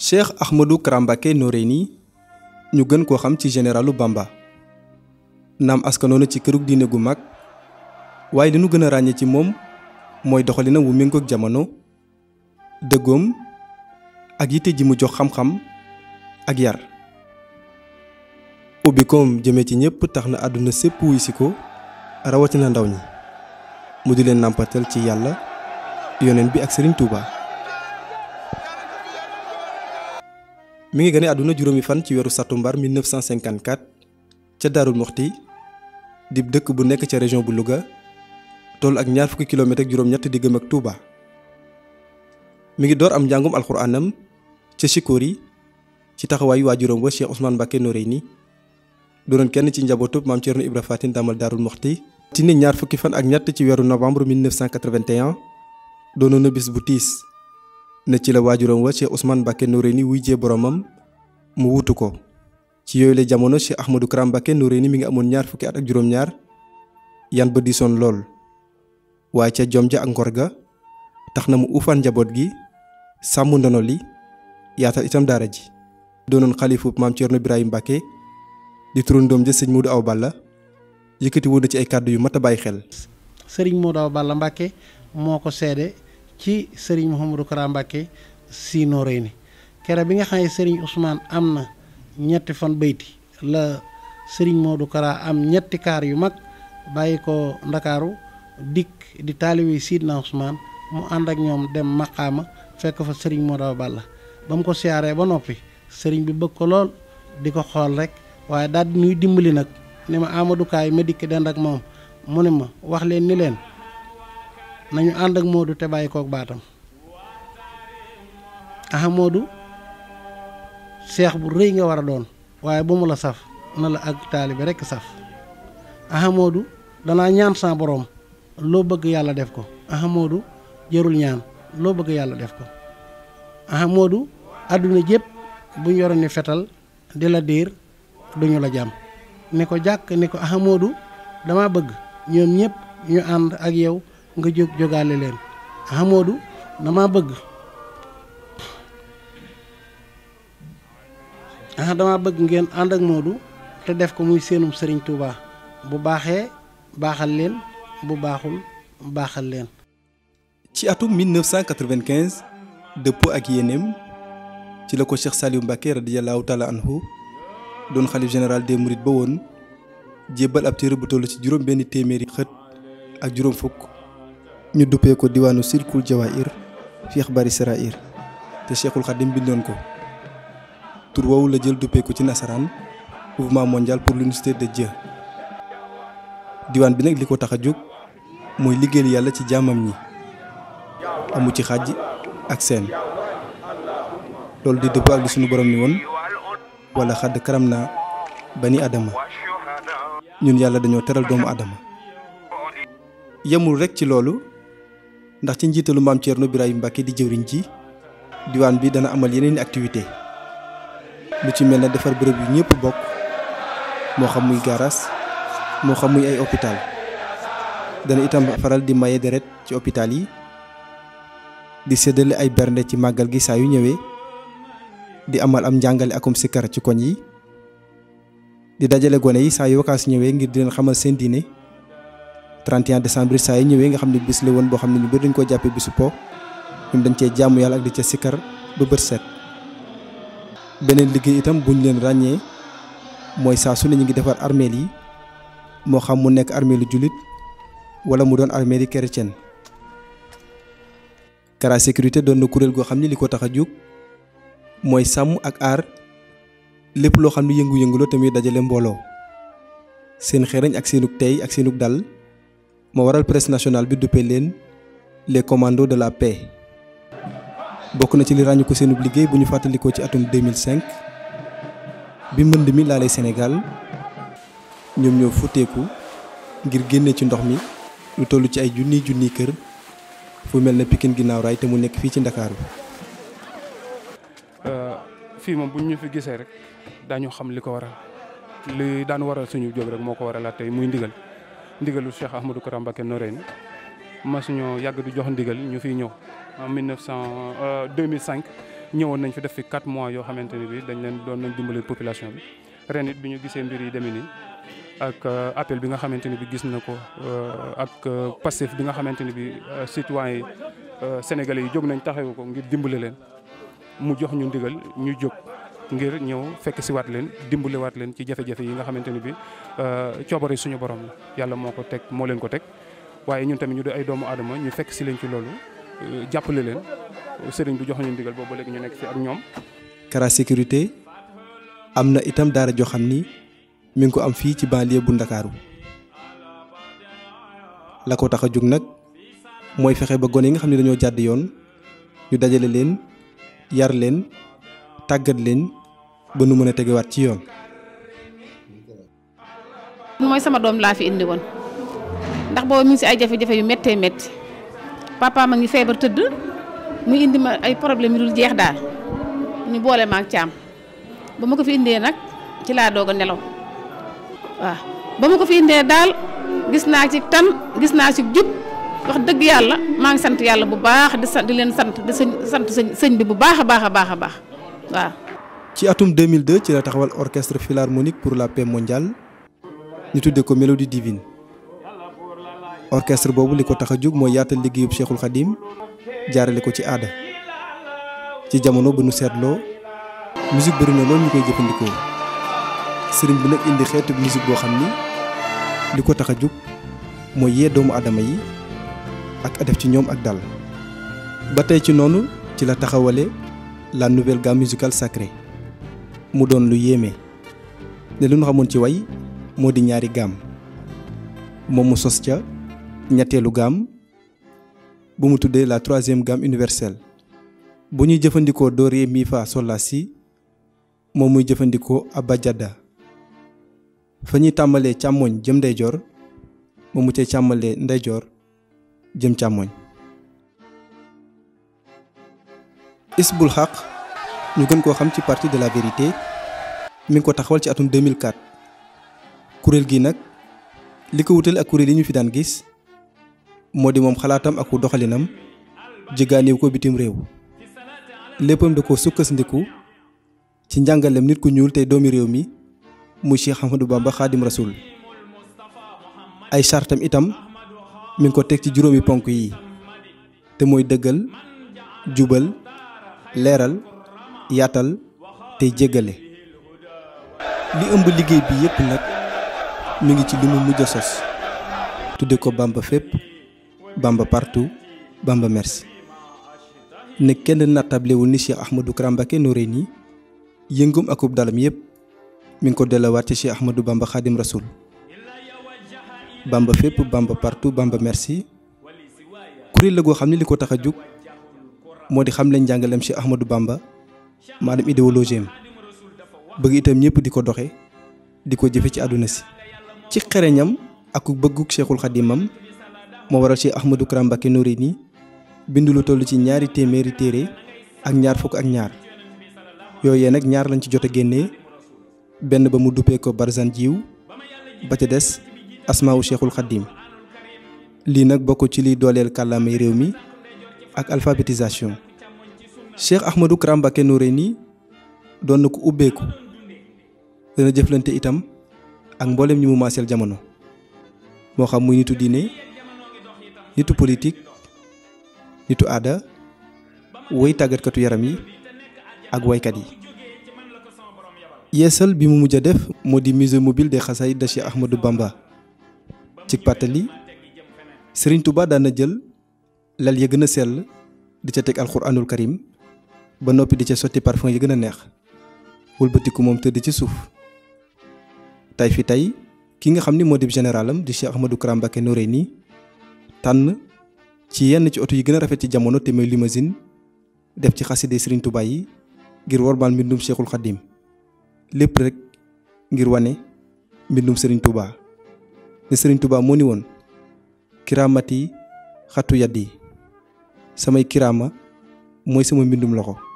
Cheikh Ahmadou Kara Mbacké ñu gën koo xam ci généralu bàmba naam askanoona ci kërug diine gu mag waaye li nu gën a ràññee ci moom mooy doxalina wu méngoog jamono dëggoom ak yite ji mu jox xam-xam ak yar ubbi jëme ci ñëpp tax na àdduna sépp wuy si ko rawatina ndaw ñi mu di leen nàmpatal ci yàlla yoneen bi ak Serigne Touba. mi ngi gëné aduna juroomi fan ci weeru satumbar 1954 ca darul Muxti di dëkk bu nekk ca région bu Louga tol ak ñaar fukki kilomètre ak juroom ñett gëm ak Touba mi ngi door am njàngum alquranam ca Sikori ci taxawaayu waajuram wa Cheikh Ousmane Noreyni kenn ci njabootub maam Thierno Ibra Fatin damal Daarul Muxti tine ñaar fukki fan ak ñett ci weeru novembre 1981 doonoon bis bu tiis ne ci la wajuram wa ci ousmane bakke nouréni boromam mu wutu ko ci yoy le jamono ci ahmadou karam Nouré ni mi nga amone ñaar fukki at ak juroom ñaar yan ba disoon lol wa ca jom ja ak ngor ga tax mu ufan jabot gi samu ndono li yaatal itam dara ji donon khalifu maam ceerno ibrahim bakay di turandoom ja sëñ mudu aw balla yëkëti woon ci ay kàddu yu mata bay xel modou aw balla ci sëriñ Mouhamadou Kara Mbacké Sy Noreyni kere bi nga xam ne sëriñ Ousmane am na ñetti fan bayti la sëriñ Modou Kara am ñetti kaar yu mag bàyyi ko ndakaaru dikk di taalibi Sidna Ousmane mu ànd ak ñoom dem maqaama fekk fa sëriñ Modou Balla ba mu ko siyaaree ba noppi sëriñ bi bëgg ko lool di ko xool rek waaye daal di nuy dimbali nag ni ma Amadou Kaay ma dikk dend ak moom mu ne ma wax leen ni leen nañu ànd ak moodu te bàyyi ko baatam aha Modou seex bu rëy nga war a doon waaye bu mu la saf na la ak taalibe rekk saf aha Modou danaa ñaan sa boroom loo bëgg yàlla def ko aha jërul ñaan loo bëgg yàlla def ko aha àdduna jépp bu ñu yoroon fetal di la diir duñu la jàmm ne ko jàkk ne ko aha Modou dama bëgg ñoom ñëpp ñu ànd ak yow nga jóg jógaale leen ah dama bëgg ah dama bëgg ngeen ànd ak Modou te def ko muy seenum Serigne Touba bu baaxee baaxal leen bu baaxul baaxal leen. ci atum 1995 dëppoo ak yéeneem ci la ko Cheikh Saliou Mbacké radiyallahu taala anhu doon xalif général des mourides ba woon jébbal ab téere bu toll ci juróom benn téeméeri xët ak juróom fukk ñu duppee ko diwaanu silkul jawaahir fi axbaari sarair te cheikhul xadim bindoon ko tur woowu la jël duppee ko ci nasaraan mouvement mondial pour l'unité de Dieu diwaan bi nag li ko tax a jóg mooy liggéeyal yàlla ci jaamam ñi amu ci xaj ak seen loolu di dëppoo ak li suñu borom ni woon wala xadd karam na bani adama ñun yàlla dañoo teral doomu adama rekk ci loolu ndax ci njiitalu maam Thierno Birahim Mbacke di jëwriñ ci diwaan bi dana amal yeneen activité lu ci mel ne defar bërëb yu ñëpp bokk moo xam muy garas moo xam muy ay hôpital dana itam faral di maye deret ci hôpital yi di séddale ay bernde ci màggal gi saa yu ñëwee di amal am njàngale akum sikkar ci koñ yi di dajale gone yi saa yu wakaas ñëwee ngir di leen xamal seen diine 31 décembre saa yi ñëwee nga xamni bis la won bo xamni ñu bëri dañ koo bisu po dañ cee jaamu yalla ak di ci sikkar bu bët set benen liggéey itam buñ leen ragné moy sa su ne ñu ngi défar armée li mo xam mu nekk lu julit wala mu doon armée chrétienne Kara sécurité doon na kurel go xamni liko li juk moy sam temu ak ar lepp lo xamni ne yëngu-yëngu seen ak seenuk tay ak seenuk dal moo la presse nationale bi de les commandos de la paix bokku na ci li rañu ko seenub liggéey bu ñu ci atum 2005 bi mbënd mi lay Sénégal ñom ñoo futteeku ngir génné ci ndox mi lu tollu ci ay kër fu Pikine te mu nekk fi ci euh, ñu fi gissé rek dañu xam li waral li daan waral suñu ndigalu Cheikh Ahmadou Kara Mbacké Noreyni ma suñu jox ndigal ñu fi ñew en 1900 2005 ñewon nañ fi def fi 4 mois yo xamanteni bi dañ leen doon nañ dimbalé population bi ren it bi ñu mbir yi demini ak euh, appel bi nga xamanteni bi gis nako, euh, ak euh, passif bi nga xamanteni bi citoyen sénégalais yi jog nañ taxé ko ngir dimbalé leen mu jox ñu ndigal ñu jog ngir ñëw fekk si waat leen dimbali waat leen ci jafe-jafe yi nga xamante ni bi euh, coobare suñu boroom la yàlla moo ko teg moo leen ko teg waaye ñun tamit ñu di ay doomu aadama ñu fekk si leen ci loolu euh, jàppale leen sëriñ bu jox ñu ndigal boobu léegi ñu nekk fi ak ñoom. Kara sécurité am na itam daara joo xam ni mi ngi ko am fii ci banlieue bu Ndakaaru la ko tax a jóg nag mooy fexe ba gone yi nga xam ne dañoo jàdd yoon ñu dajale leen yar leen tàggat leen. ba nu mën a tegewaat ci yoon moy sama dom la fi indi won ndax bo mi ci ay jafé jafé yu metté metti papa ma ngi feebar teud mu indi ma ay problème yu dul jeex daal ñu bolé ma ak caam ba ma ko fi indé nak ci la doog nelaw wa ba ma ko fi indé daal gis na ci tan gis na ci jup wax deug yalla ma ngi sant yalla bu baax di sant di len sant di sant sëñ bi bu baaxa baaxa baaxa baax baax waaw ci atum 2002 ci la taxawal orchestre philharmonique pour la paix mondiale ni tuddé ko Mélodie divine orchestre bobu liko ko moy a jóg mooy Cheikhul Khadim jaarale ko ci ada ci jamono bu nu seetloo musique bëri na loolu ñu koy jëfandikoo sëriñ bi nak indi xeetu musique boo xamni liko li moy tax doomu adama yi ak def ci ñom ak dal ba tey ci nonu ci la taxawalé la nouvelle gamme musicale sacrée mu doon lu yéeme ne lu ñu xamoon ci way moo di ñaari gaam moom sos la troisième gamme universelle bu ñuy jëfandikoo do mifa mi fa sol ko si abajada fa ñuy tàmbalee càmmoñ jëm ndeyjoor moom mu cay ndeyjoor jëm ñu gën koo xam ci parti de la vérité mi ngi ko taxawal ci atum 2004 kuréel gi nag li ko wutale ak kuréel yi ñu fi daan gis moo di moom xalaatam ak doxalinam jëggaaniw ko bitim réew léppam da ko sukkandiku ci njàngaleem nit ku ñuul tey doomi réew mi muy Cheikh Ahmadou ba Xaadim Rasul ay chartam itam mi ngi ko teg ci juróomi ponk yi te mooy dëggal jubal leeral yatal te jégale li ëmb liggéey bi yépp nak mi ngi ci limu mujjé sos tuddé ko Bamba Fep, Bamba partout Bamba merci ne kenn wu ni Cheikh Ahmadou Kara no réni yëngum akub dalam yépp mi ngi ko délawat ci Cheikh Ahmadou Bamba Khadim Rasoul Bamba Fep, Bamba partout Bamba merci kuri la go xamni liko taxajuk modi tax a xam Cheikh Ahmadou Bamba maanaam idéologie am bëgg itam ñëpp di ko doxe di ko jëfe ci àdduna si ci xereñam ak bëgguk cheikhul xadimam moo waral cheikh ahmadou kara mbacké noreyni bindu lu toll ci ñaari téeméeri téere ak ñaar fukk ak ñaar yooyee nag ñaar lañ ci jot a génnee benn ba mu duppee ko barzan jiw ba ca des asmaawu cheikhul xadim lii nag bokk ci liy dooleel kàllaamay réew mi ak alphabétisation cheikh ahmadou Kramba mbàkke Noreyni doon na ko dana jeflante itam ak mbollem ñi mu maaseel jamono mo xam muy nitu diine nitu politique nitu way tagat katu yaram yi ak kat yi yeesal bi mu mujja def moo di musée mobile des Cheikh Ahmadou Bamba ci pàttali Serigne Touba daan jël lal ya gën a di ca teg karim ba noppi di ca sotti parfum yi gën a neex wëlbatiku moom tëdd ci suuf tay fi tay ki nga xam ni moo dib généralam di Cheikh Ahmadou Kara Mbacké Noreyni tànn ci yenn ci oto yi gën a rafet ci jamono te may limousine def ci xaside Serigne Touba yi ngir warbal mbindum Cheikhul Khadim lépp rek ngir wane mbindum Serigne Touba ne Serigne Touba moo ni woon xatu yaddi samay kirama mooy sama mbindum loxo